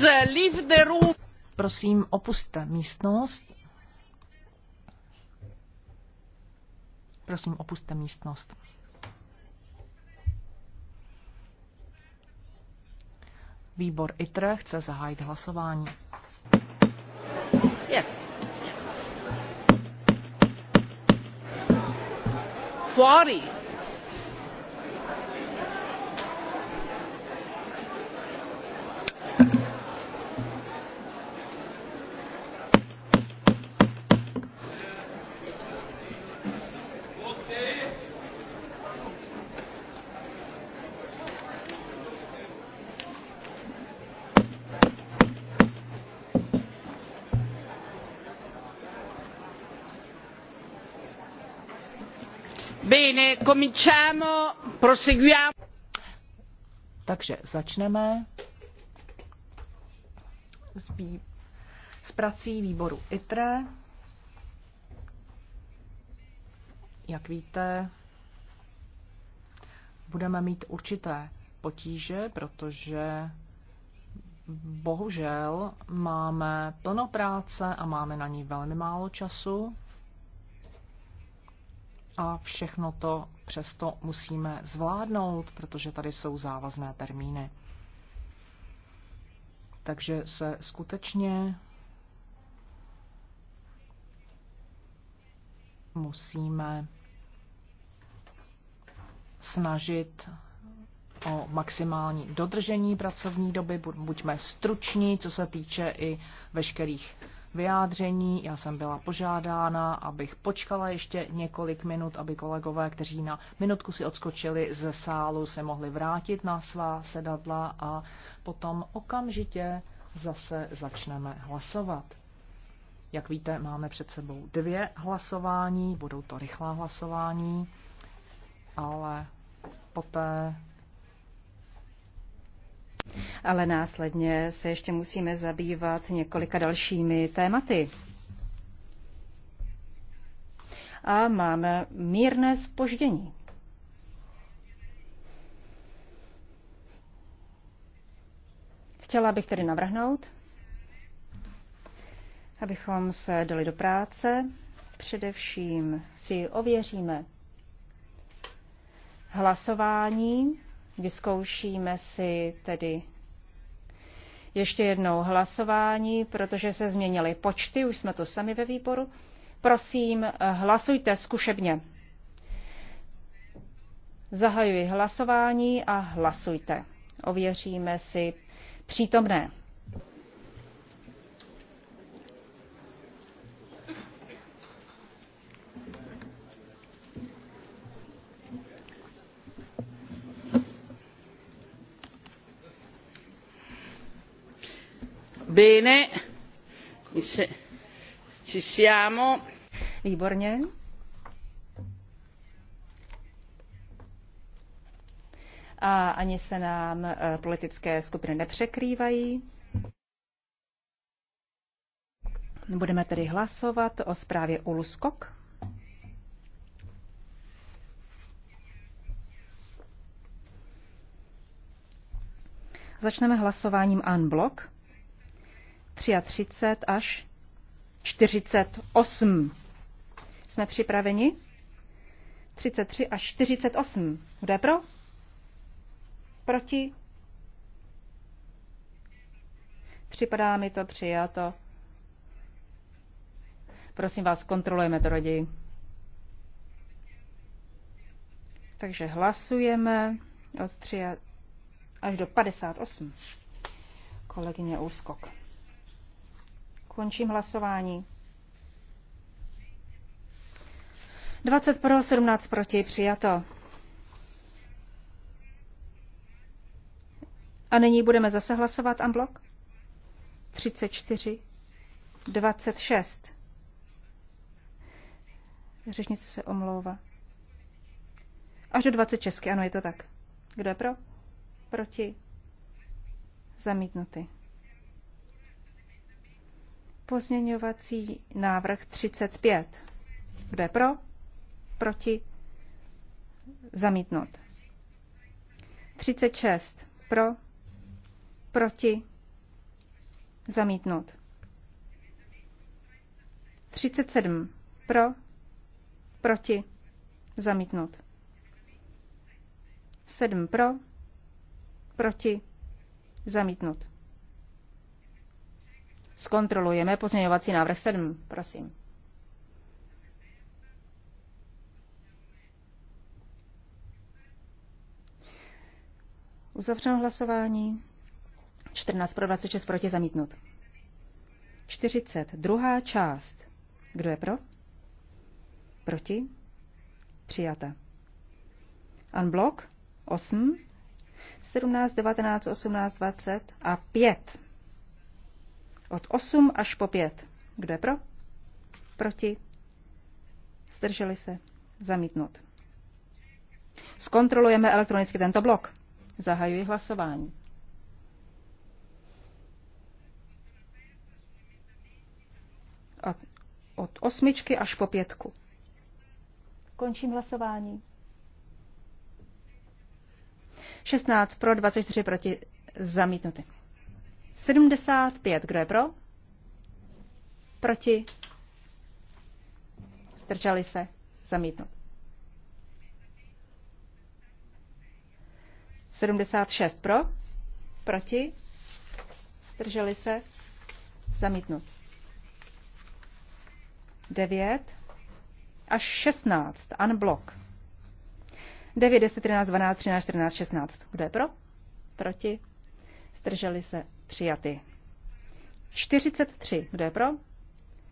Please uh, leave the room. Prosím, opuste místnost. Prosím, opuste místnost. Výbor ITRE chce zahájit hlasování. Yeah. Fuori! Bene, cominciamo, proseguiamo. Takže začneme s, s prací výboru ITRE. Jak víte, budeme mít určité potíže, protože bohužel máme plno práce a máme na ní velmi málo času a všechno to přesto musíme zvládnout, protože tady jsou závazné termíny. Takže se skutečně musíme snažit o maximální dodržení pracovní doby, buďme struční, co se týče i veškerých vyjádření. Já jsem byla požádána, abych počkala ještě několik minut, aby kolegové, kteří na minutku si odskočili ze sálu, se mohli vrátit na svá sedadla a potom okamžitě zase začneme hlasovat. Jak víte, máme před sebou dvě hlasování, budou to rychlá hlasování, ale poté ale následně se ještě musíme zabývat několika dalšími tématy. A máme mírné spoždění. Chtěla bych tedy navrhnout, abychom se dali do práce. Především si ověříme hlasování Vyzkoušíme si tedy ještě jednou hlasování, protože se změnily počty, už jsme to sami ve výboru. Prosím, hlasujte zkušebně. Zahajuji hlasování a hlasujte. Ověříme si přítomné. Bene. Ci siamo. Výborně. A ani se nám eh, politické skupiny nepřekrývají. Budeme tedy hlasovat o zprávě Uluskok. Začneme hlasováním unblock. 33 až 48. Jsme připraveni? 33 až 48. Kdo je pro? Proti? Připadá mi to přijato. Prosím vás, kontrolujeme to raději. Takže hlasujeme od 3 až do 58. Kolegyně Úskok. Končím hlasování. 20 pro, 17 proti, přijato. A nyní budeme zase hlasovat amblok? 34, 26. Řešnice se omlouvá. Až do 20 česky, ano, je to tak. Kdo je pro? Proti. Zamítnutý. Pozměňovací návrh 35. Kdo je pro? Proti? Zamítnout. 36. Pro? Proti? Zamítnout. 37. Pro? Proti? Zamítnout. 7 pro, proti, zamítnout. Zkontrolujeme pozměňovací návrh 7, prosím. Uzavřeno hlasování. 14 pro 26 proti zamítnut. 40. Druhá část. Kdo je pro? Proti? Přijata. Unblock 8, 17, 19, 18, 20 a 5. Od 8 až po 5. Kdo je pro? Proti? Zdrželi se? Zamítnut. Zkontrolujeme elektronicky tento blok. Zahajuji hlasování. Od, od osmičky až po pětku. Končím hlasování. 16 pro, 24 proti zamítnuty. 75. Kdo je pro? Proti? Strčali se? Zamítnout. 76 pro? Proti? strželi se? zamítnu. 9 až 16. Unblock. 9, 10, 13, 12, 13, 14, 16. Kdo je pro? Proti? strželi se? Přijaty. 43. Kdo je pro?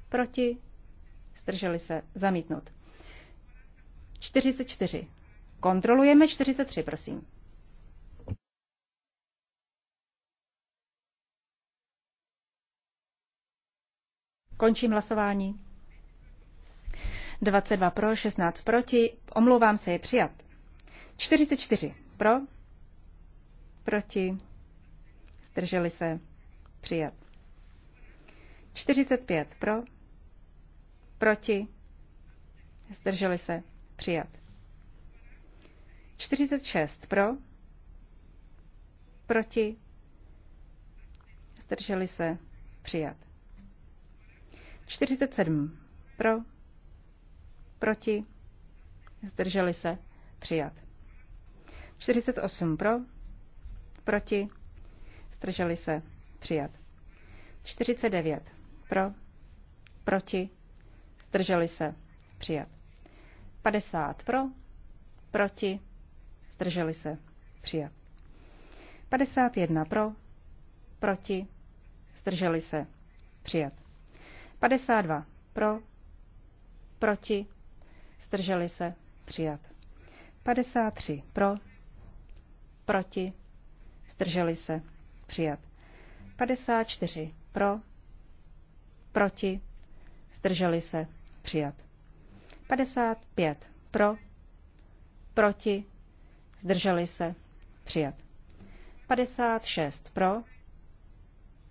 Proti? Zdrželi se. Zamítnut. 44. Kontrolujeme 43, prosím. Končím hlasování. 22 pro, 16 proti. Omlouvám se, je přijat. 44 pro, proti zdrželi se, přijat. 45 pro, proti, zdrželi se, přijat. 46 pro, proti, zdrželi se, přijat. 47 pro, proti, zdrželi se, přijat. 48 pro, proti, zdrželi se, přijat. 49 pro, proti, zdrželi se, přijat. 50 pro, proti, zdrželi se, přijat. 51 pro, proti, zdrželi se, přijat. 52 pro, proti, zdrželi se, přijat. 53 pro, proti, zdrželi se, Přijat. 54. Pro. Proti. Zdrželi se. Přijat. 55. Pro. Proti. Zdrželi se. Přijat. 56. Pro.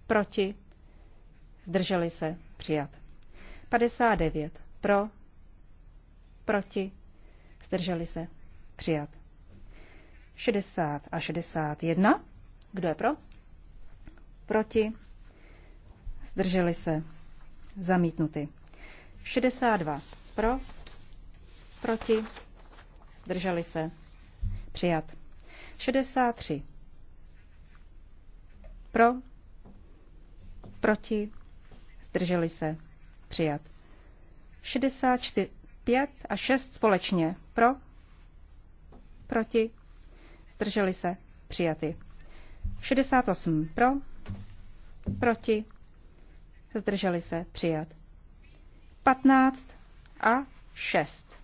Proti. Zdrželi se. Přijat. 59. Pro. Proti. Zdrželi se. Přijat. 60 a 61. Kdo je pro? proti, zdrželi se, zamítnuty. 62 pro, proti, zdrželi se, přijat. 63 pro, proti, zdrželi se, přijat. 64, 5 a 6 společně pro, proti, zdrželi se, přijaty. 68 pro, proti, zdrželi se, přijat. 15 a 6.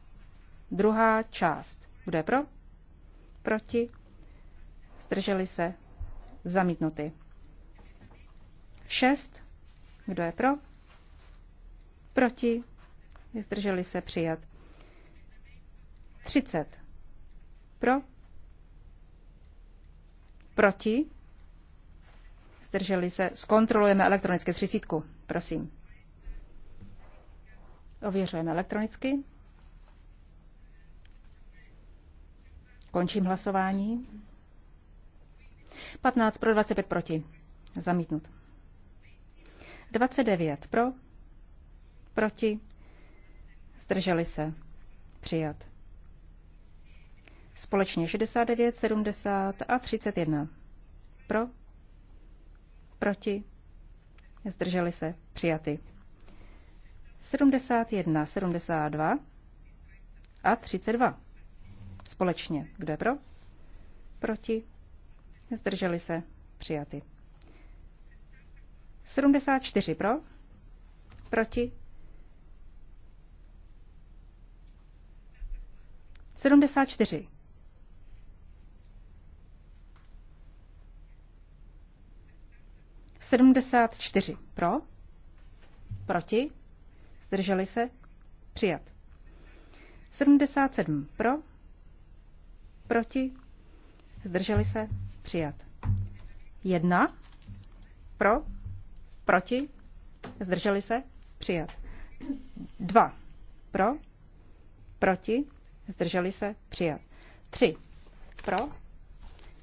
Druhá část. Kdo je pro? Proti, zdrželi se, zamítnuty. 6. Kdo je pro? Proti, zdrželi se, přijat. 30. Pro? Proti? zdrželi se, zkontrolujeme elektronicky třicítku, prosím. Ověřujeme elektronicky. Končím hlasování. 15 pro, 25 proti. Zamítnut. 29 pro, proti, zdrželi se, přijat. Společně 69, 70 a 31 pro, proti, zdrželi se, přijaty. 71, 72 a 32. Společně. Kdo je pro? Proti. Zdrželi se. Přijaty. 74 pro. Proti. 74. 74 pro, proti, zdrželi se, přijat. 77 pro, proti, zdrželi se, přijat. 1 pro, proti, zdrželi se, přijat. 2 pro, proti, zdrželi se, přijat. 3 pro,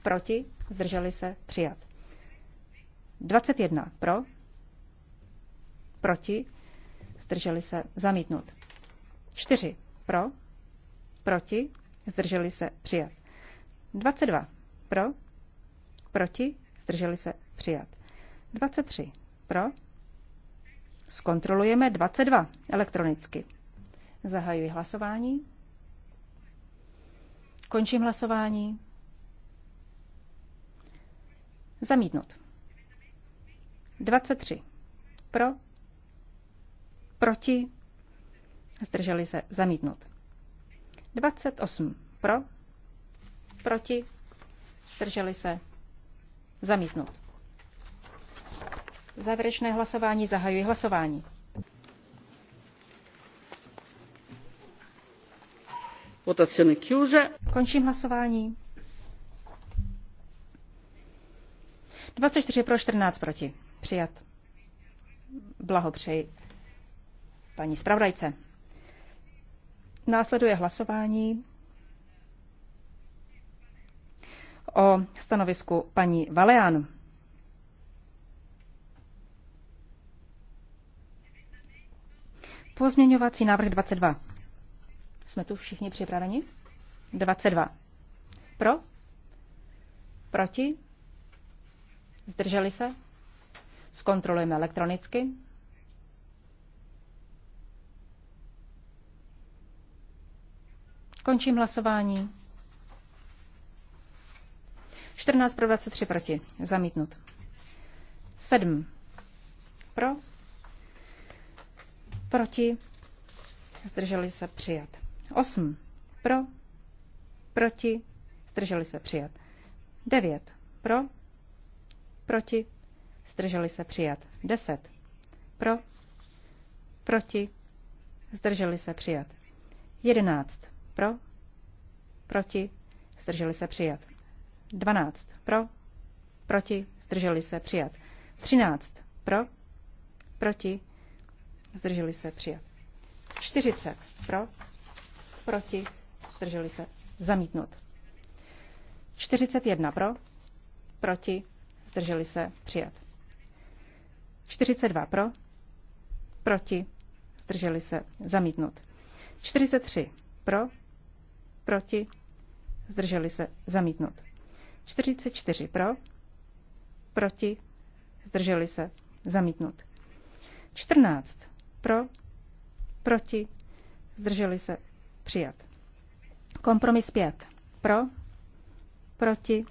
proti, zdrželi se, přijat. 21 pro, proti, zdrželi se, zamítnut. 4 pro, proti, zdrželi se, přijat. 22 pro, proti, zdrželi se, přijat. 23 pro, zkontrolujeme 22 elektronicky. Zahajuji hlasování. Končím hlasování. Zamítnut. 23. Pro. Proti. Zdrželi se zamítnout. 28. Pro. Proti. Zdrželi se zamítnout. Závěrečné hlasování zahajuji hlasování. Votazione chiusa. Končím hlasování. 24 pro 14 proti. Přijat. Blahopřeji paní zpravodajce. Následuje hlasování o stanovisku paní Valean. Pozměňovací návrh 22. Jsme tu všichni připraveni? 22. Pro? Proti? Zdrželi se? Zkontrolujeme elektronicky. Končím hlasování. 14 pro 23 proti. Zamítnut. 7 pro. Proti. Zdrželi se přijat. 8 pro. Proti. Zdrželi se přijat. 9 pro. Proti zdrželi se přijat. 10. Pro, proti, zdrželi se přijat. 11. Pro, proti, zdrželi se přijat. 12. Pro, proti, zdrželi se přijat. 13. Pro, proti, zdrželi se přijat. 40. Pro, proti, zdrželi se zamítnout. 41. Pro, proti, zdrželi se přijat. 42 pro, proti, zdrželi se, zamítnut. 43 pro, proti, zdrželi se, zamítnut. 44 pro, proti, zdrželi se, zamítnut. 14 pro, proti, zdrželi se, přijat. Kompromis 5 pro, proti,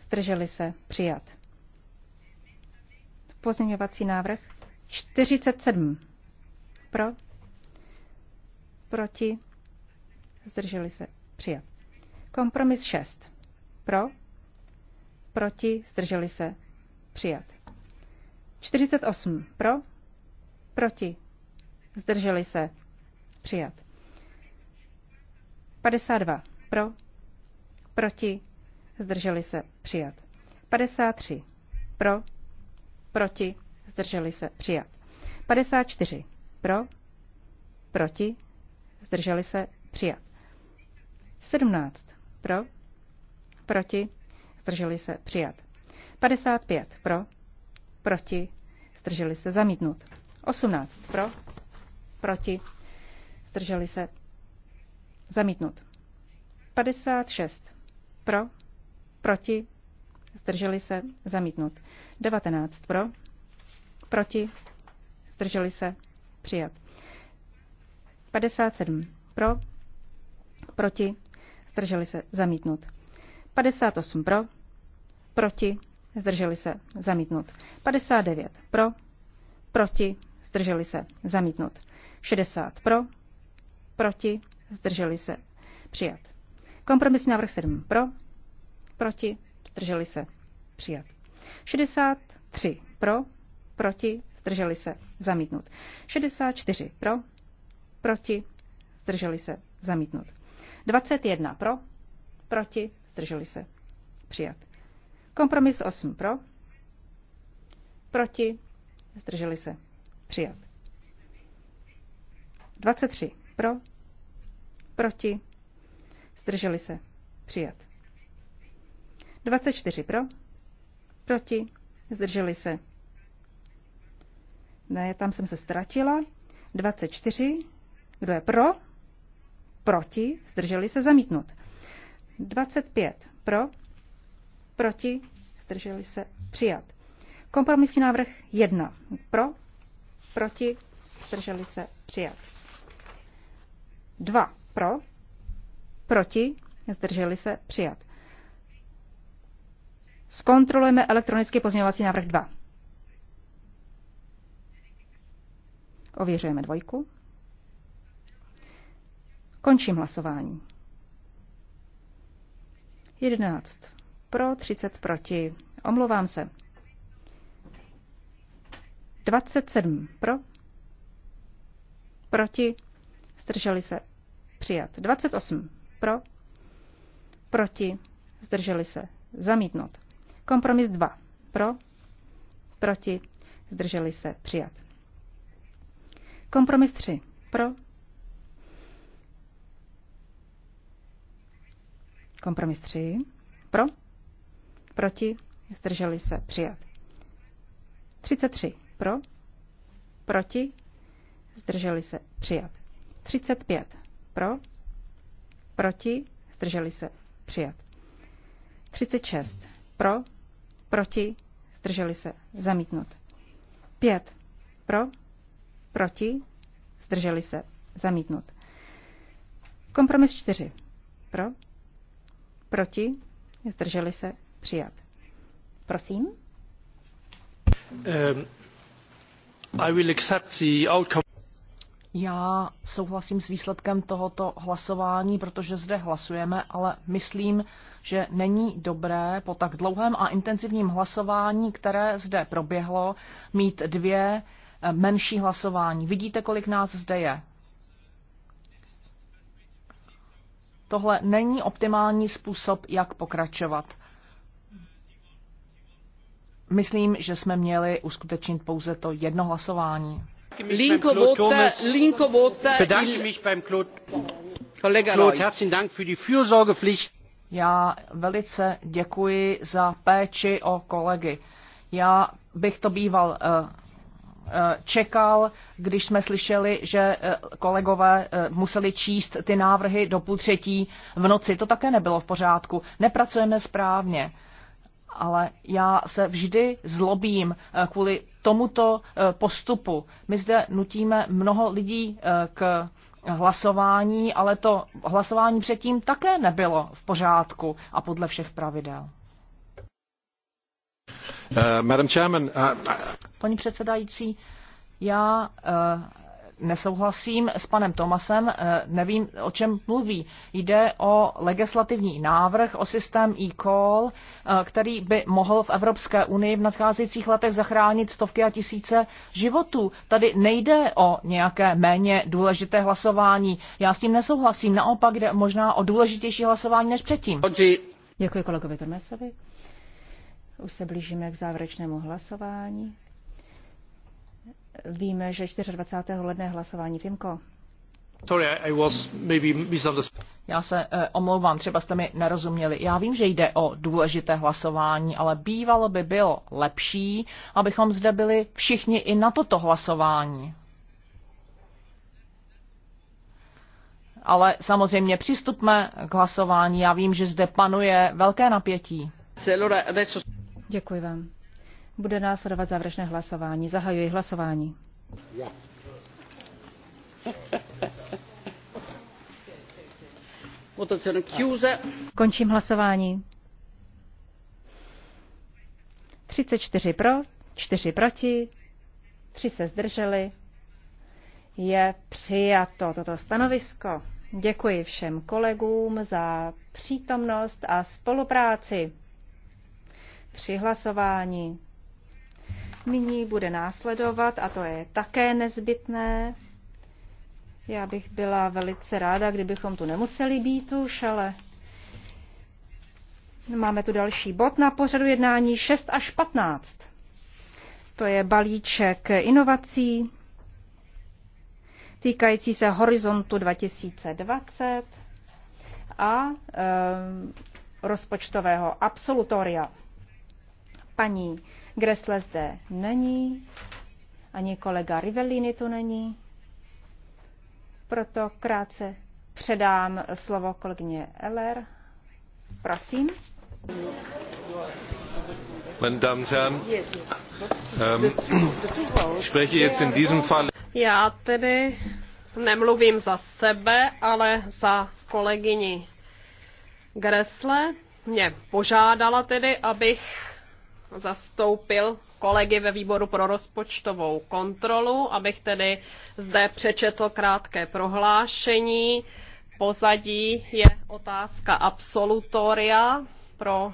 zdrželi se, přijat. Pozměňovací návrh 47. Pro? Proti? Zdrželi se. Přijat. Kompromis 6. Pro? Proti? Zdrželi se. Přijat. 48. Pro? Proti? Zdrželi se. Přijat. 52. Pro? Proti? Zdrželi se. Přijat. 53. Pro? proti, zdrželi se, přijat. 54 pro, proti, zdrželi se, přijat. 17 pro, proti, zdrželi se, přijat. 55 pro, proti, zdrželi se, zamítnut. 18 pro, proti, zdrželi se, zamítnut. 56 pro, proti, zdrželi se, zamítnut. 19 pro, proti, zdrželi se, přijat. 57 pro, proti, zdrželi se, zamítnut. 58 pro, proti, zdrželi se, zamítnut. 59 pro, proti, zdrželi se, zamítnut. 60 pro, proti, zdrželi se, přijat. Kompromisní návrh 7 pro, proti, zdrželi se, přijat. 63 pro, proti, zdrželi se, zamítnut. 64 pro, proti, zdrželi se, zamítnut. 21 pro, proti, zdrželi se, přijat. Kompromis 8 pro, proti, zdrželi se, přijat. 23 pro, proti, zdrželi se, přijat. 24 pro, proti, zdrželi se. Ne, tam jsem se ztratila. 24, kdo je pro, proti, zdrželi se, zamítnut. 25 pro, proti, zdrželi se, přijat. Kompromisní návrh 1 pro, proti, zdrželi se, přijat. 2 pro, proti, zdrželi se, přijat. Zkontrolujeme elektronicky pozměňovací návrh 2. Ověřujeme dvojku. Končím hlasování. 11. Pro, 30 proti. Omlouvám se. 27. Pro. Proti. Zdrželi se. Přijat. 28. Pro. Proti. Zdrželi se. Zamítnout. Kompromis 2. Pro, proti, zdrželi se, přijat. Kompromis 3. Pro. Kompromis 3. Pro. Proti. Zdrželi se. Přijat. 33. Pro. Proti. Zdrželi se. Přijat. 35. Pro. Proti. Zdrželi se. Přijat. 36. Pro proti, zdrželi se, zamítnut. Pět Pro, proti, zdrželi se, zamítnut. Kompromis čtyři. Pro, proti, zdrželi se, přijat. Prosím. Um, I will accept the outcome. Já souhlasím s výsledkem tohoto hlasování, protože zde hlasujeme, ale myslím, že není dobré po tak dlouhém a intenzivním hlasování, které zde proběhlo, mít dvě eh, menší hlasování. Vidíte, kolik nás zde je. Tohle není optimální způsob, jak pokračovat. Myslím, že jsme měli uskutečnit pouze to jedno hlasování linke vota bedanke mich beim claude herzlichen dank für die fürsorgepflicht. já velice děkuji za péči o kolegy. já bych to býval eh, eh, čekal, když jsme slyšeli, že eh, kolegové museli číst ty návrhy do půl třetí v noci. To také nebylo v pořádku. Nepracujeme správně ale já se vždy zlobím eh, kvůli tomuto eh, postupu. My zde nutíme mnoho lidí eh, k hlasování, ale to hlasování předtím také nebylo v pořádku a podle všech pravidel. Uh, Madam Chairman, uh... Paní předsedající, já uh, nesouhlasím s panem Tomasem, eh, nevím, o čem mluví. Jde o legislativní návrh, o systém e-call, eh, který by mohl v Evropské unii v nadcházejících letech zachránit stovky a tisíce životů. Tady nejde o nějaké méně důležité hlasování. Já s tím nesouhlasím, naopak jde možná o důležitější hlasování než předtím. Děkuji kolegovi Tomasovi. Už se blížíme k závěrečnému hlasování. Víme, že 24. ledna I hlasování maybe misunderstood. Já se eh, omlouvám, třeba jste mi nerozuměli. Já vím, že jde o důležité hlasování, ale bývalo by bylo lepší, abychom zde byli všichni i na toto hlasování. Ale samozřejmě přistupme k hlasování. Já vím, že zde panuje velké napětí. Děkuji vám. Bude následovat závěrečné hlasování. Zahajuji hlasování. Končím hlasování. 34 pro, 4 proti, 3 se zdrželi. Je přijato toto stanovisko. Děkuji všem kolegům za přítomnost a spolupráci při hlasování nyní bude následovat, a to je také nezbytné. Já bych byla velice ráda, kdybychom tu nemuseli být už, ale máme tu další bod na pořadu jednání 6 až 15. To je balíček inovací týkající se horizontu 2020 a e, rozpočtového absolutoria. Paní Gressle zde není, ani kolega Rivellini tu není, proto krátce předám slovo kolegně Eller. Prosím. Meine Damen und Herren, ähm, spreche jetzt in diesem Fall. Já tedy nemluvím za sebe, ale za kolegyni Gresle. Mě požádala tedy, abych zastoupil kolegy ve výboru pro rozpočtovou kontrolu, abych tedy zde přečetl krátké prohlášení. Pozadí je otázka absolutoria pro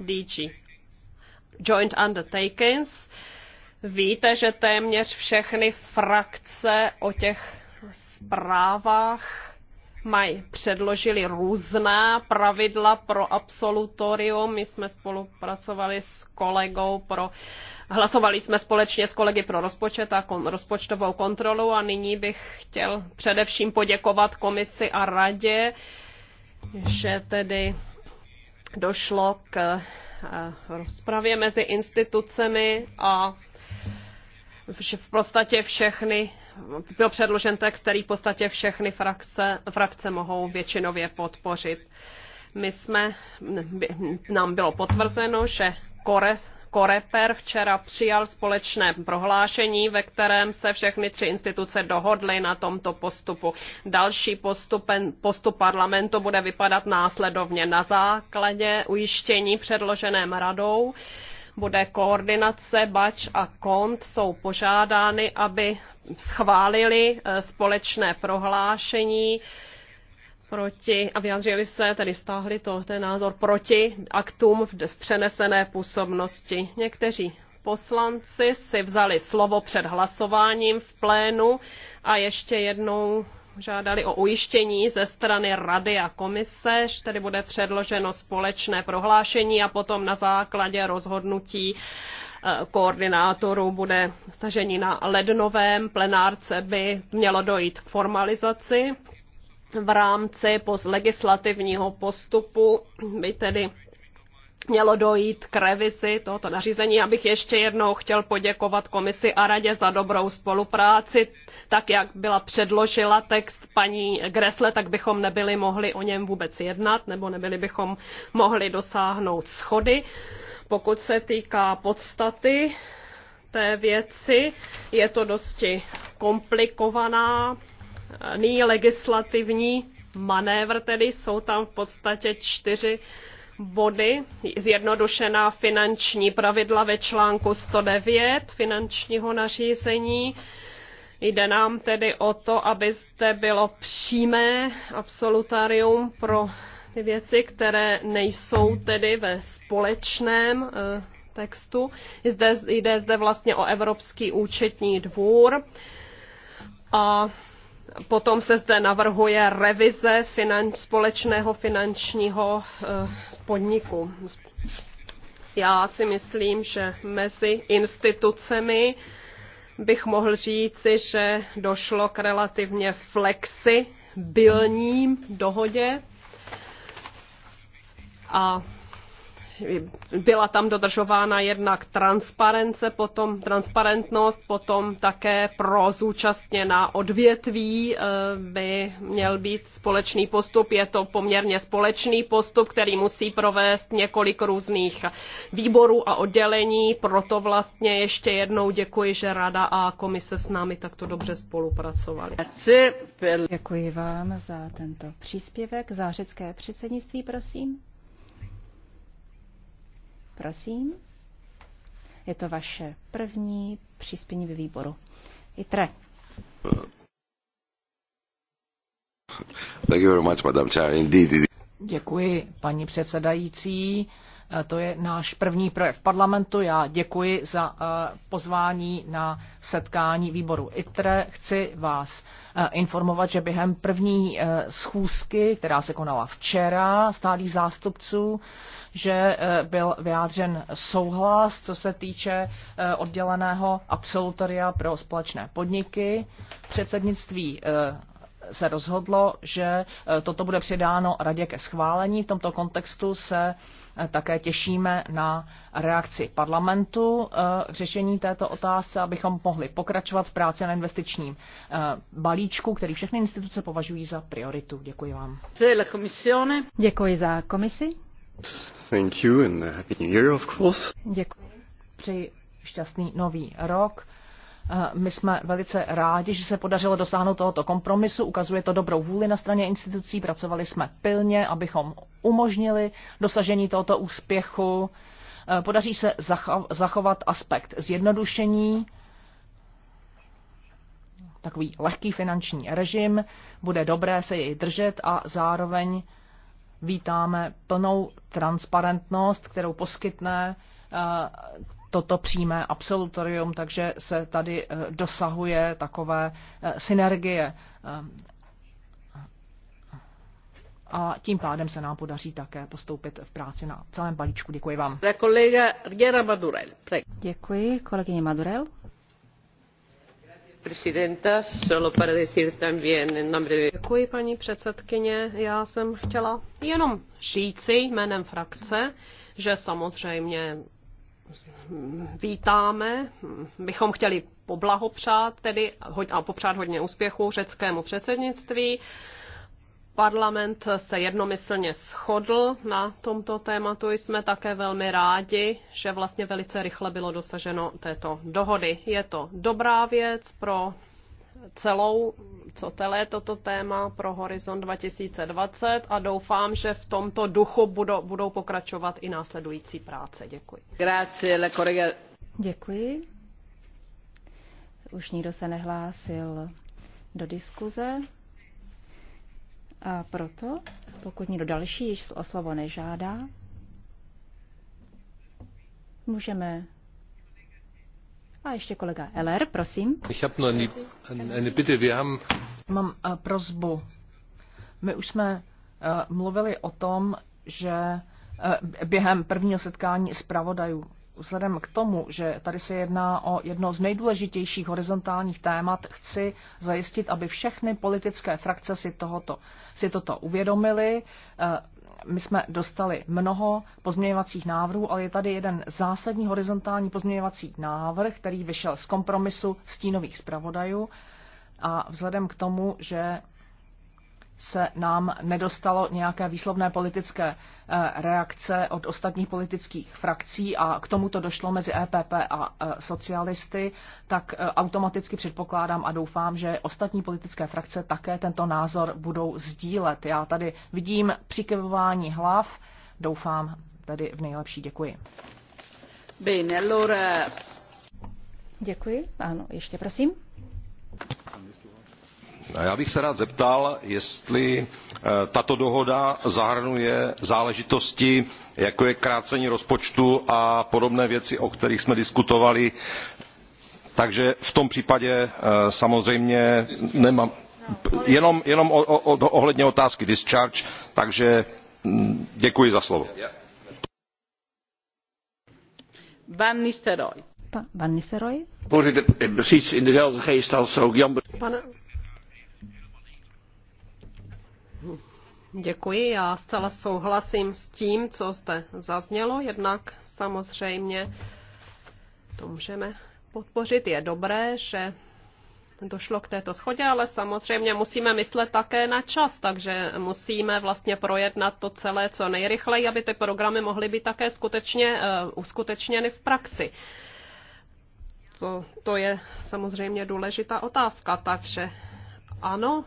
DG. Joint Undertakings. Víte, že téměř všechny frakce o těch zprávách mají předložili různá pravidla pro absolutorium. My jsme spolupracovali s kolegou pro, hlasovali jsme společně s kolegy pro rozpočet a kon, rozpočtovou kontrolu a nyní bych chtěl především poděkovat komisi a radě, že tedy došlo k eh, rozpravě mezi institucemi a v podstatě všechny, byl předložen text, který v podstatě všechny frakce, frakce mohou většinově podpořit. My jsme, nám bylo potvrzeno, že Kore, Koreper včera přijal společné prohlášení, ve kterém se všechny tři instituce dohodly na tomto postupu. Další postupen, postup parlamentu bude vypadat následovně na základě ujištění předloženém radou. Uh, bude koordinace, Bač a Kont jsou požádány, aby schválili eh, společné prohlášení proti, a vyjádřili se, tedy stáhli to, ten názor proti aktům v, v přenesené působnosti. Někteří poslanci si vzali slovo před hlasováním v plénu a ještě jednou žádali o ujištění ze strany Rady a komise, že tady bude předloženo společné prohlášení a potom na základě rozhodnutí eh, koordinátorů bude stažení na lednovém plenárce by mělo dojít k formalizaci v rámci legislativního postupu by tedy mělo dojít k revizi tohoto nařízení. Já bych ještě jednou chtěl poděkovat komisi a radě za dobrou spolupráci. Tak, jak byla předložila text paní Gresle, tak bychom nebyli mohli o něm vůbec jednat, nebo nebyli bychom mohli dosáhnout schody. Pokud se týká podstaty té věci, je to dosti komplikovaná eh, legislativní manévr, tedy jsou tam v podstatě čtyři body, zjednodušená finanční pravidla ve článku 109 finančního nařízení. Jde nám tedy o to, aby zde bylo přímé absolutarium pro ty věci, které nejsou tedy ve společném eh, textu. Zde, jde zde vlastně o Evropský účetní dvůr a Potom se zde navrhuje revize finanč, společného finančního eh, podniku. Já si myslím, že mezi institucemi bych mohl říci, že došlo k relativně flexibilním dohodě a byla tam dodržována jednak transparence, potom transparentnost, potom také pro zúčastněná odvětví eh, by měl být společný postup. Je to poměrně společný postup, který musí provést několik různých výborů a oddělení. Proto vlastně ještě jednou děkuji, že Rada a komise s námi takto dobře spolupracovali. Děkuji vám za tento příspěvek. Zářecké předsednictví, prosím. Prosím. Je to vaše první příspění ve výboru. ITRE. Thank you very much, Madam Chair. Indeed. Děkuji, paní předsedající. Eh, to je náš první projev parlamentu. Já děkuji za eh, pozvání na setkání výboru ITRE. Chci vás eh, informovat, že během první schůzky, která se konala včera, stálých zástupců, že byl vyjádřen souhlas, co se týče odděleného absolutoria pro společné podniky. Předsednictví se rozhodlo, že e, toto bude předáno radě ke schválení. V tomto kontextu se e, také těšíme na reakci parlamentu e, k řešení této otázce, abychom mohli pokračovat v práci na investičním balíčku, který všechny instituce považují za prioritu. Děkuji vám. Děkuji za komisi. Thank you and happy new year, of course. Děkuji. Přeji šťastný nový rok my jsme velice rádi, že se podařilo dosáhnout tohoto kompromisu. Ukazuje to dobrou vůli na straně institucí. Pracovali jsme pilně, abychom umožnili dosažení tohoto úspěchu. E, podaří se zachovat aspekt zjednodušení, takový lehký finanční režim, bude dobré se jej držet a zároveň vítáme plnou transparentnost, kterou poskytne e, toto přímé absolutorium, takže se tady eh, dosahuje takové eh, synergie. Eh, a tím pádem se nám podaří také postoupit v práci na celém balíčku. Děkuji vám. Kolega Madurel. Děkuji, kolegyně Madurel. Děkuji, paní předsedkyně. Já jsem chtěla jenom říci jménem frakce, že samozřejmě vítáme, bychom chtěli poblahopřát tedy a popřát hodně úspěchu řeckému předsednictví. Parlament se jednomyslně shodl na tomto tématu. Jsme také velmi rádi, že vlastně velice rychle bylo dosaženo této dohody. Je to dobrá věc pro celou, co celé toto téma pro Horizon 2020 a doufám, že v tomto duchu budou, budou pokračovat i následující práce. Děkuji. Děkuji. Už nikdo se nehlásil do diskuze. A proto, pokud někdo další již o slovo nežádá, můžeme a ještě kolega Eller, prosím. Mám eh, prozbu. My už jsme uh, mluvili o tom, že uh, během prvního setkání zpravodajů vzhledem k tomu, že tady se jedná o jedno z nejdůležitějších horizontálních témat, chci zajistit, aby všechny politické frakce si, tohoto, si toto uvědomily my jsme dostali mnoho pozměňovacích návrhů, ale je tady jeden zásadní horizontální pozměňovací návrh, který vyšel z kompromisu stínových zpravodajů. A vzhledem k tomu, že se nám nedostalo nějaké výslovné politické eh, reakce od ostatních politických frakcí a k tomu to došlo mezi EPP a eh, socialisty, tak eh, automaticky předpokládám a doufám, že ostatní politické frakce také tento názor budou sdílet. Já tady vidím přikyvování hlav, doufám tedy v nejlepší. Děkuji. Bene, allora... Děkuji. Ano, ještě prosím. A já bych se rád zeptal, jestli eh, tato dohoda zahrnuje záležitosti, jako je krácení rozpočtu a podobné věci, o kterých jsme diskutovali. Takže v tom případě eh, samozřejmě nemám jenom, jenom o, o, ohledně otázky discharge, takže hm, děkuji za slovo. Van Nistelrooy. Van Nistelrooy. Voorzitter, eh, precies in dezelfde geest als ook Jan. Pane, Děkuji, já zcela souhlasím s tím, co zde zaznělo, jednak samozřejmě to můžeme podpořit. Je dobré, že došlo k této schodě, ale samozřejmě musíme myslet také na čas, takže musíme vlastně projednat to celé co nejrychleji, aby ty programy mohly být také skutečně uh, uskutečněny v praxi. To, to je samozřejmě důležitá otázka, takže ano,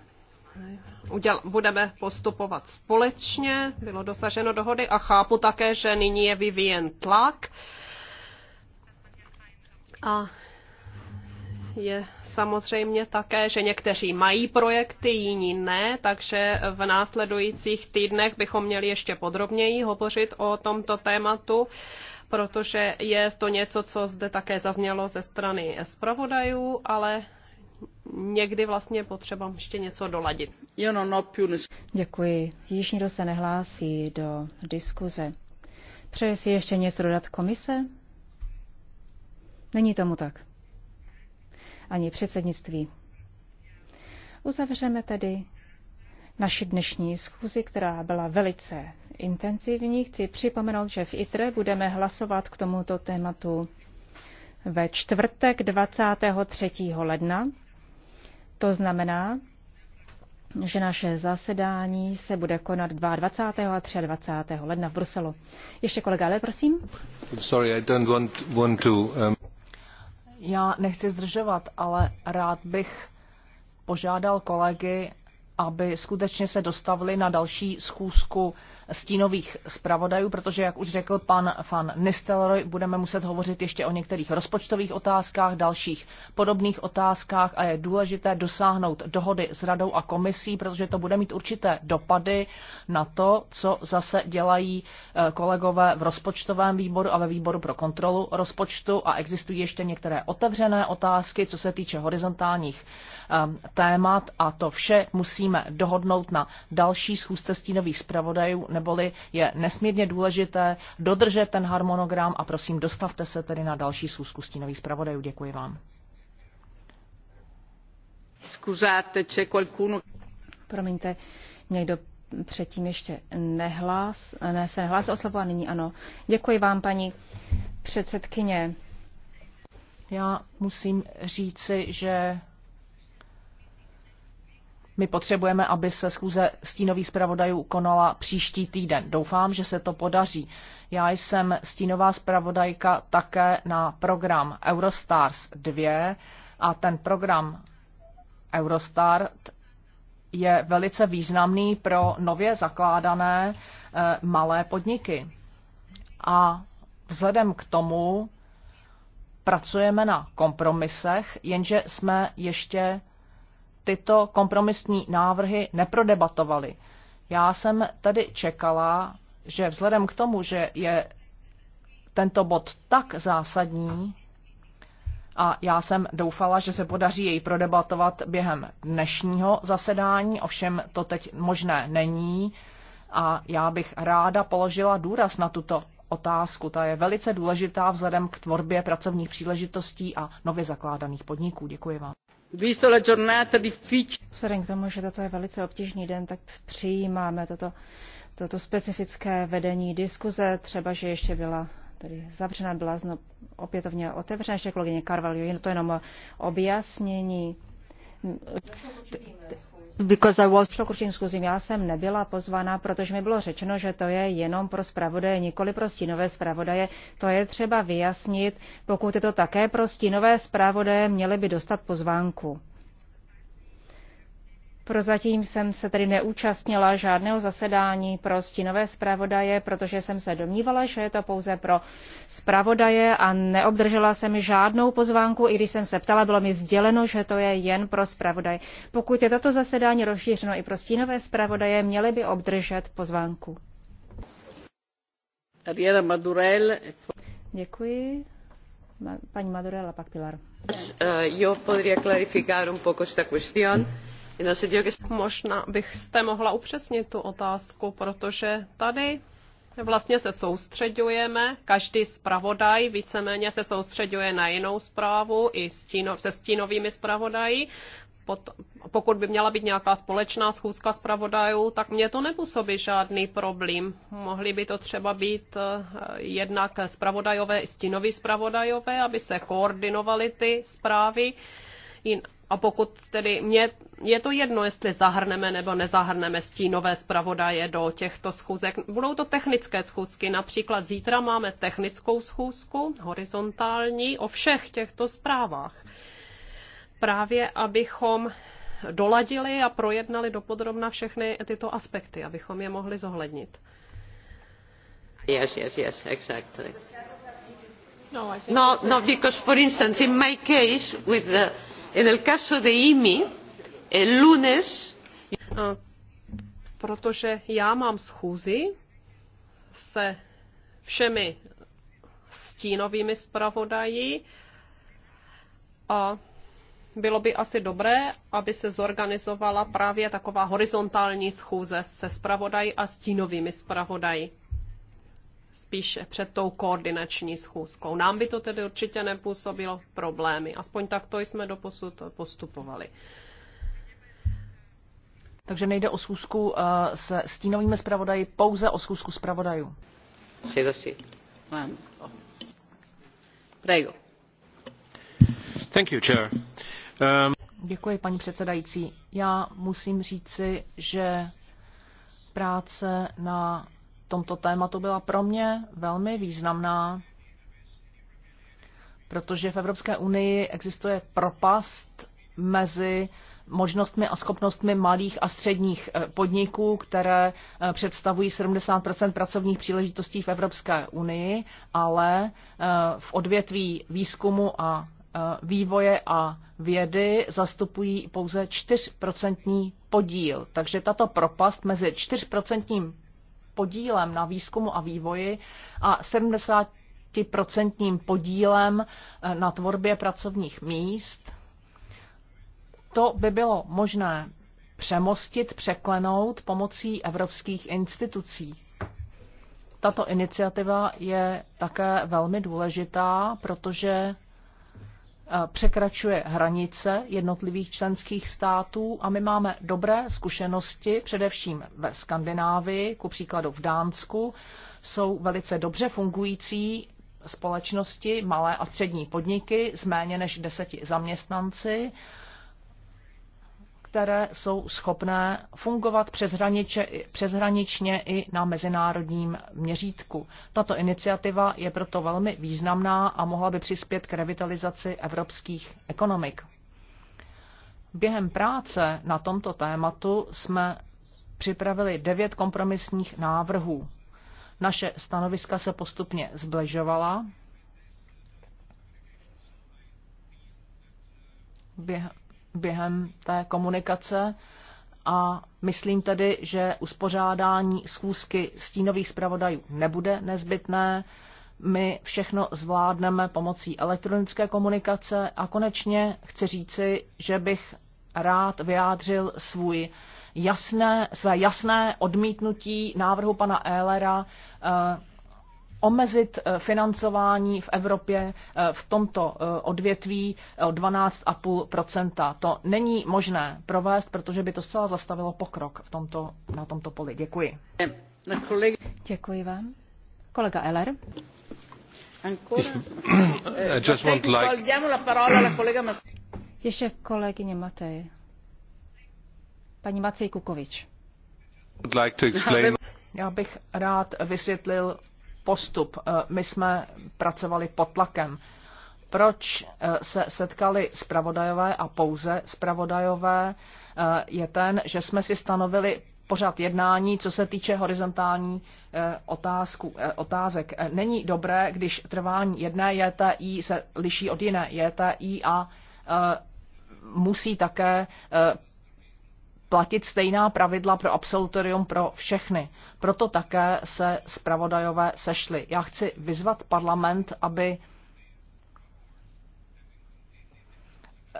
uděl, budeme postupovat společně, bylo dosaženo dohody a chápu také, že nyní je vyvíjen tlak. A je samozřejmě také, že někteří mají projekty, jiní ne, takže v následujících týdnech bychom měli ještě podrobněji hovořit o tomto tématu, protože je to něco, co zde také zaznělo ze strany zpravodajů, ale někdy vlastně potřeba ještě něco doladit. Děkuji. Již nikdo se nehlásí do diskuze. Přeje si ještě něco dodat komise? Není tomu tak. Ani předsednictví. Uzavřeme tedy naši dnešní schůzi, která byla velice intenzivní. Chci připomenout, že v ITRE budeme hlasovat k tomuto tématu ve čtvrtek 23. ledna. To znamená, že naše zasedání se bude konat 22. a 23. ledna v Bruselu. Ještě kolega Ale, prosím. Sorry, I don't want, want to, um... Já nechci zdržovat, ale rád bych požádal kolegy, aby skutečně se dostavili na další schůzku stínových zpravodajů, protože, jak už řekl pan Van Nistelrooy, budeme muset hovořit ještě o některých rozpočtových otázkách, dalších podobných otázkách a je důležité dosáhnout dohody s radou a komisí, protože to bude mít určité dopady na to, co zase dělají eh, kolegové v rozpočtovém výboru a ve výboru pro kontrolu rozpočtu a existují ještě některé otevřené otázky, co se týče horizontálních eh, témat a to vše musíme dohodnout na další schůzce stínových zpravodajů neboli je nesmírně důležité dodržet ten harmonogram a prosím, dostavte se tedy na další schůzku stínových zpravodajů. Děkuji vám. Scusate, c'è qualcuno... Promiňte, někdo předtím ještě nehlás, ne, se nehlásil o slovo a nyní ano. Děkuji vám, paní předsedkyně. Já musím říci, že my potřebujeme, aby se schůze stínových zpravodajů konala příští týden. Doufám, že se to podaří. Já jsem stínová zpravodajka také na program Eurostars 2 a ten program Eurostart je velice významný pro nově zakládané eh, malé podniky. A vzhledem k tomu pracujeme na kompromisech, jenže jsme ještě tyto kompromisní návrhy neprodebatovali. Já jsem tady čekala, že vzhledem k tomu, že je tento bod tak zásadní, a já jsem doufala, že se podaří jej prodebatovat během dnešního zasedání, ovšem to teď možné není a já bych ráda položila důraz na tuto otázku. Ta je velice důležitá vzhledem k tvorbě pracovních příležitostí a nově zakládaných podniků. Děkuji vám. Vzhledem k tomu, že toto je velice obtížný den, tak přijímáme toto, toto specifické vedení diskuze, třeba, že ještě byla tedy zavřena, byla znovu opětovně otevřena, ještě kolegyně Karvalio, je to jenom objasnění. Šlo Já jsem nebyla pozvaná, protože mi bylo řečeno, že to je jenom pro zpravodaje, nikoli pro stínové zpravodaje. To je třeba vyjasnit. Pokud je to také pro stínové zpravodaje, měli by dostat pozvánku. Prozatím jsem se tedy neúčastnila žádného zasedání pro stinové zpravodaje, protože jsem se domnívala, že je to pouze pro zpravodaje a neobdržela jsem žádnou pozvánku, i když jsem se ptala, bylo mi sděleno, že to je jen pro zpravodaje. Pokud je toto zasedání rozšířeno i pro stínové zpravodaje, měli by obdržet pozvánku. Ariela Madurel. Děkuji. Paní a pak Pilar. Yo eh, podría clarificar un poco esta cuestión. Možná bych jste mohla upřesnit tu otázku, protože tady vlastně se soustředujeme, každý zpravodaj víceméně se soustředuje na jinou zprávu i stíno, se stínovými zpravodají. pokud by měla být nějaká společná schůzka zpravodajů, tak mě to nepůsobí žádný problém. Mohly by to třeba být eh, jednak zpravodajové i stínoví zpravodajové, aby se koordinovaly ty zprávy a pokud tedy mě, je to jedno, jestli zahrneme nebo nezahrneme stínové zpravodaje do těchto schůzek. Budou to technické schůzky, například zítra máme technickou schůzku, horizontální, o všech těchto zprávách. Právě abychom doladili a projednali dopodrobna všechny tyto aspekty, abychom je mohli zohlednit. Yes, yes, yes, exactly. No, no, no, because for instance, in my case with the en el caso de IMI, el lunes. Protože já mám schůzi se všemi stínovými zpravodaji a bylo by asi dobré, aby se zorganizovala právě taková horizontální schůze se zpravodaji a stínovými zpravodaji spíš před tou koordinační schůzkou. Nám by to tedy určitě nepůsobilo problémy. Aspoň takto jsme do posud postupovali. Takže nejde o schůzku eh, se stínovými zpravodaji, pouze o schůzku zpravodajů. Thank you, chair. Um... Děkuji, paní předsedající. Já musím říci, že práce na tomto tématu byla pro mě velmi významná, protože v Evropské unii existuje propast mezi možnostmi a schopnostmi malých a středních eh, podniků, které eh, představují 70 pracovních příležitostí v Evropské unii, ale eh, v odvětví výzkumu a vývoje a vědy zastupují pouze 4% podíl. Takže tato propast mezi 4% podílem na výzkumu a vývoji a 70% podílem eh, na tvorbě pracovních míst. To by bylo možné přemostit, překlenout pomocí evropských institucí. Tato iniciativa je také velmi důležitá, protože překračuje hranice jednotlivých členských států a my máme dobré zkušenosti, především ve Skandinávii, ku příkladu v Dánsku, jsou velice dobře fungující společnosti, malé a střední podniky s méně než deseti zaměstnanci, které jsou schopné fungovat přeshraničně i na mezinárodním měřítku. Tato iniciativa je proto velmi významná a mohla by přispět k revitalizaci evropských ekonomik. Během práce na tomto tématu jsme připravili devět kompromisních návrhů. Naše stanoviska se postupně zbližovala. Během během té komunikace a myslím tedy, že uspořádání schůzky stínových zpravodajů nebude nezbytné. My všechno zvládneme pomocí elektronické komunikace a konečně chci říci, že bych rád vyjádřil svůj jasné, své jasné odmítnutí návrhu pana Ehlera eh, omezit eh, financování v Evropě eh, v tomto eh, odvětví o 12,5 To není možné provést, protože by to zcela zastavilo pokrok v tomto, na tomto poli. Děkuji. Děkuji vám. Kolega Eller. Ještě kolegyně Matej. Paní Matej Kukovič. Já bych rád vysvětlil postup. Eh, my jsme pracovali pod tlakem. Proč eh, se setkali zpravodajové a pouze zpravodajové, eh, je ten, že jsme si stanovili pořád jednání, co se týče horizontální otázku, otázek. Není dobré, když trvání jedné JTI se liší od jiné JTI a musí také platit stejná pravidla pro absolutorium pro všechny. Proto také se zpravodajové sešli. Já chci vyzvat parlament, aby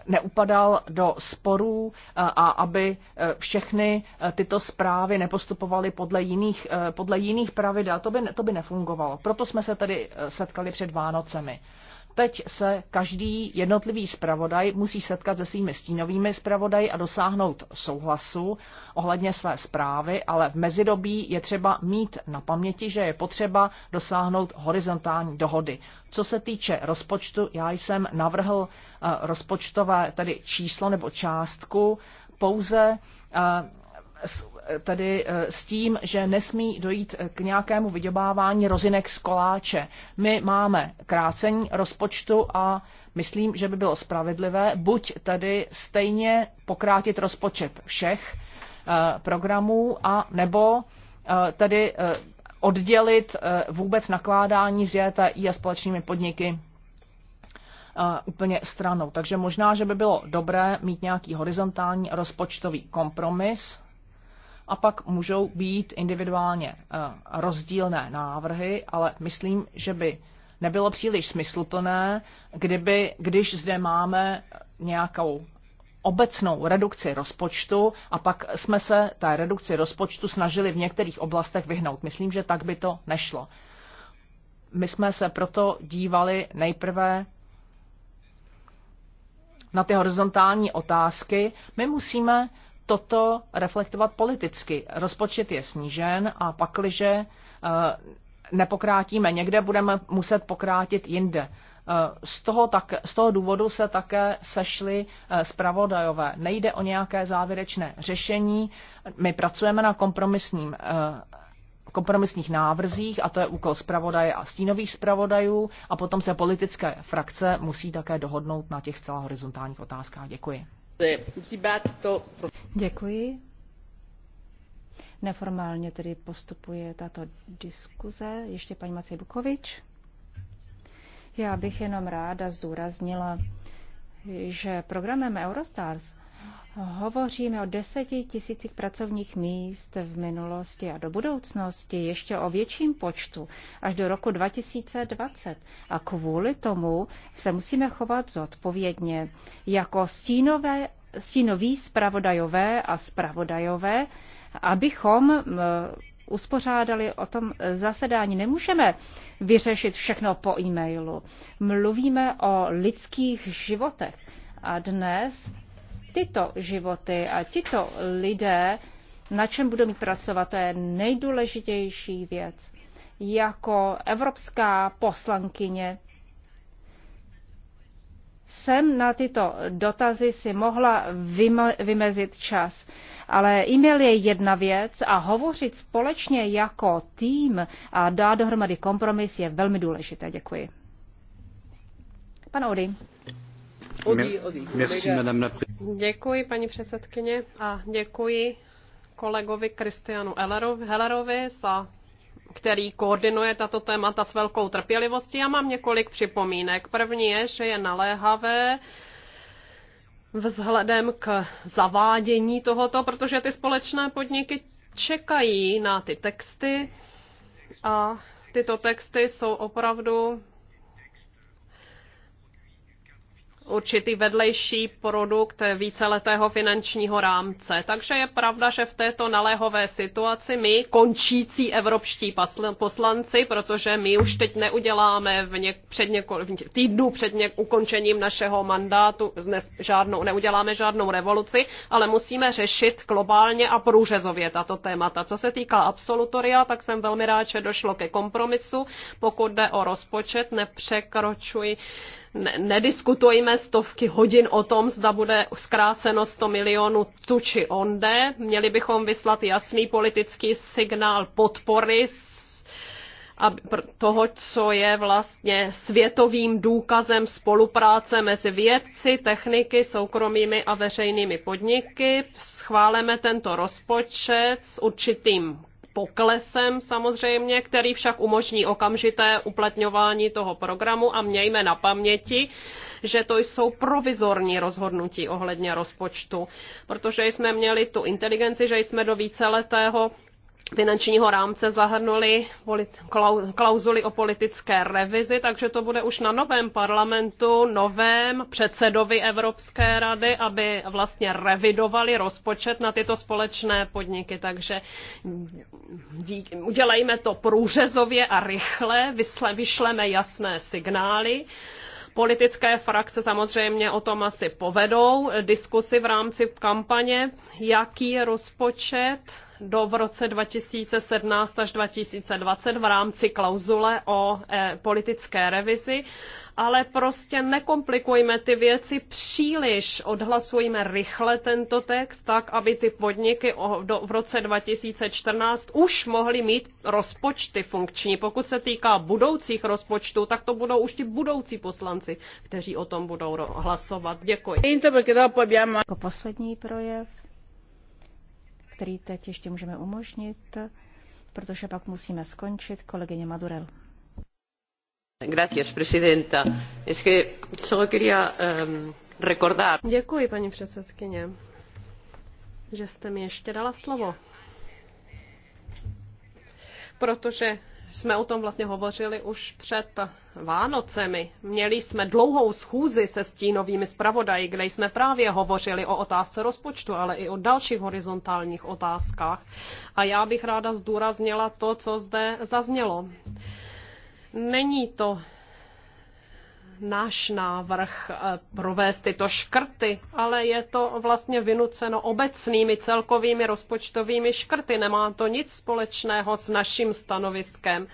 neupadal do sporů eh, a aby eh, všechny eh, tyto zprávy nepostupovaly podle jiných, podle jiných pravidel. To by, to by nefungovalo. Proto jsme se tady setkali před Vánocemi. Teď se každý jednotlivý zpravodaj musí setkat se svými stínovými zpravodaji a dosáhnout souhlasu ohledně své zprávy, ale v mezidobí je třeba mít na paměti, že je potřeba dosáhnout horizontální dohody. Co se týče rozpočtu, já jsem navrhl eh, rozpočtové tedy číslo nebo částku pouze eh, tedy eh, s tím, že nesmí dojít eh, k nějakému vyděbávání rozinek z koláče. My máme krácení rozpočtu a myslím, že by bylo spravedlivé buď tedy stejně pokrátit rozpočet všech eh, programů a nebo tedy oddělit vůbec nakládání s JTI a společnými podniky úplně stranou. Takže možná, že by bylo dobré mít nějaký horizontální rozpočtový kompromis, a pak můžou být individuálně eh, rozdílné návrhy, ale myslím, že by nebylo příliš smysluplné, kdyby, když zde máme nějakou obecnou redukci rozpočtu a pak jsme se té redukci rozpočtu snažili v některých oblastech vyhnout. Myslím, že tak by to nešlo. My jsme se proto dívali nejprve na ty horizontální otázky. My musíme toto reflektovat politicky. Rozpočet je snížen a pakliže eh, nepokrátíme někde, budeme muset pokrátit jinde. Eh, z toho, tak, z toho důvodu se také sešly eh, zpravodajové. Nejde o nějaké závěrečné řešení. My pracujeme na kompromisním kompromisních návrzích, a to je úkol zpravodaje a stínových zpravodajů, a potom se politické frakce musí také dohodnout na těch zcela horizontálních otázkách. Děkuji. Děkuji. Neformálně tedy postupuje tato diskuze. Ještě paní Macej Bukovič. Já bych jenom ráda zdůraznila, že programem Eurostars Hovoříme o deseti tisících pracovních míst v minulosti a do budoucnosti ještě o větším počtu až do roku 2020. A kvůli tomu se musíme chovat zodpovědně jako stínové, stínoví spravodajové a spravodajové, abychom uspořádali o tom zasedání. Nemůžeme vyřešit všechno po e-mailu. Mluvíme o lidských životech. A dnes tyto životy a tito lidé, na čem budou mít pracovat, to je nejdůležitější věc. Jako evropská poslankyně jsem na tyto dotazy si mohla vymezit čas. Ale e-mail je jedna věc a hovořit společně jako tým a dát dohromady kompromis je velmi důležité. Děkuji. Pan Ody. Děkuji, paní předsedkyně, a děkuji kolegovi Kristianu Hellerovi, za, který koordinuje tato témata s velkou trpělivostí. Já mám několik připomínek. První je, že je naléhavé vzhledem k zavádění tohoto, protože ty společné podniky čekají na ty texty a tyto texty jsou opravdu určitý vedlejší produkt víceletého finančního rámce. Takže je pravda, že v této naléhové situaci my, končící evropští poslanci, protože my už teď neuděláme v, něk, před něko, v týdnu před něk, ukončením našeho mandátu, znes, žádnou, neuděláme žádnou revoluci, ale musíme řešit globálně a průřezově tato témata. Co se týká absolutoria, tak jsem velmi rád, že došlo ke kompromisu. Pokud jde o rozpočet, nepřekročuji ne, nediskutujme stovky hodin o tom, zda bude zkráceno 100 milionů tu či onde. Měli bychom vyslat jasný politický signál podpory toho, co je vlastně světovým důkazem spolupráce mezi vědci, techniky, soukromými a veřejnými podniky. Schváleme tento rozpočet s určitým poklesem samozřejmě, který však umožní okamžité uplatňování toho programu a mějme na paměti, že to jsou provizorní rozhodnutí ohledně rozpočtu, protože jsme měli tu inteligenci, že jsme do víceletého finančního rámce zahrnuli klauzuly o politické revizi, takže to bude už na novém parlamentu, novém předsedovi Evropské rady, aby vlastně revidovali rozpočet na tyto společné podniky. Takže dík, udělejme to průřezově a rychle, vysle, vyšleme jasné signály. Politické frakce samozřejmě o tom asi povedou diskusy v rámci kampaně, jaký je rozpočet, do v roce 2017 až 2020 v rámci klauzule o e, politické revizi, ale prostě nekomplikujme ty věci příliš, odhlasujme rychle tento text, tak aby ty podniky o, do, v roce 2014 už mohly mít rozpočty funkční. Pokud se týká budoucích rozpočtů, tak to budou už ti budoucí poslanci, kteří o tom budou hlasovat. Děkuji. Jako poslední projev který teď ještě můžeme umožnit, protože pak musíme skončit. Kolegyně Madurel. Gracias, presidenta. Es que solo quería um, recordar... Děkuji, paní předsedkyně, že jste mi ještě dala slovo. Protože jsme o tom vlastně hovořili už před Vánocemi. Měli jsme dlouhou schůzi se stínovými zpravodaji, kde jsme právě hovořili o otázce rozpočtu, ale i o dalších horizontálních otázkách. A já bych ráda zdůraznila to, co zde zaznělo. Není to náš návrh eh, provést tyto škrty, ale je to vlastně vynuceno obecnými celkovými rozpočtovými škrty. Nemá to nic společného s naším stanoviskem.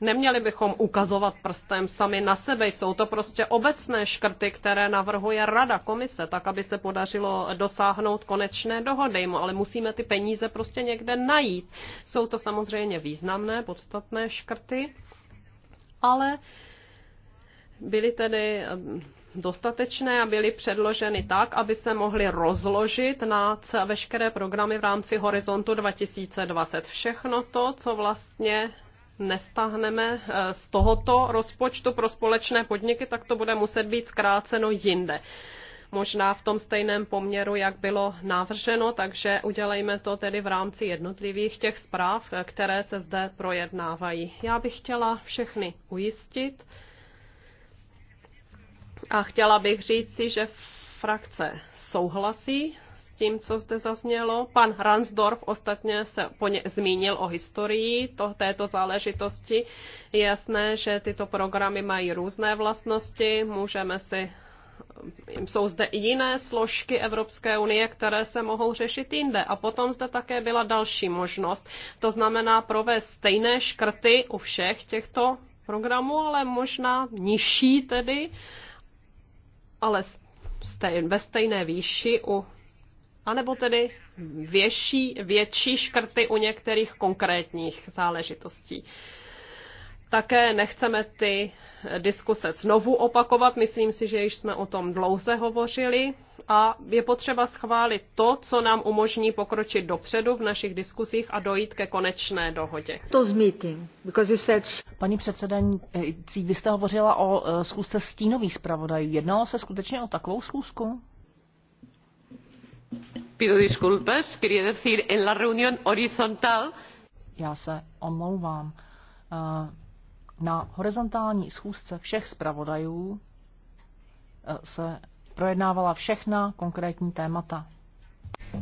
Neměli bychom ukazovat prstem sami na sebe. Jsou to prostě obecné škrty, které navrhuje Rada komise, tak aby se podařilo dosáhnout konečné dohody. No, ale musíme ty peníze prostě někde najít. Jsou to samozřejmě významné, podstatné škrty, ale byly tedy eh, dostatečné a byly předloženy tak, aby se mohly rozložit na veškeré programy v rámci Horizontu 2020. Všechno to, co vlastně nestáhneme eh, z tohoto rozpočtu pro společné podniky, tak to bude muset být zkráceno jinde. Možná v tom stejném poměru, jak bylo navrženo, takže udělejme to tedy v rámci jednotlivých těch zpráv, eh, které se zde projednávají. Já bych chtěla všechny ujistit, a chtěla bych říct si, že frakce souhlasí s tím, co zde zaznělo. Pan Ransdorf ostatně se po ně zmínil o historii to, této záležitosti. Je jasné, že tyto programy mají různé vlastnosti, můžeme si jsou zde i jiné složky Evropské unie, které se mohou řešit jinde. A potom zde také byla další možnost, to znamená provést stejné škrty u všech těchto programů, ale možná nižší tedy, ale ve stejné výši u anebo tedy větší, větší škrty u některých konkrétních záležitostí. Také nechceme ty eh, diskuse znovu opakovat, myslím si, že již jsme o tom dlouze hovořili a je potřeba schválit to, co nám umožní pokročit dopředu v našich diskusích a dojít ke konečné dohodě. To meeting, said... Paní předsedající, vy jste hovořila o eh, zkusce stínových zpravodajů. Jednalo se skutečně o takovou zkusku? Pido disculpas, quería decir en la reunión horizontal. Já se omlouvám. Uh na horizontální schůzce všech zpravodajů eh, se projednávala všechna konkrétní témata.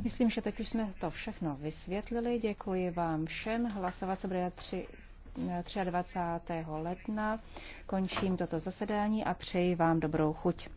Myslím, že teď už jsme to všechno vysvětlili. Děkuji vám všem. Hlasovat se bude 3, 23. Eh, ledna. Končím toto zasedání a přeji vám dobrou chuť.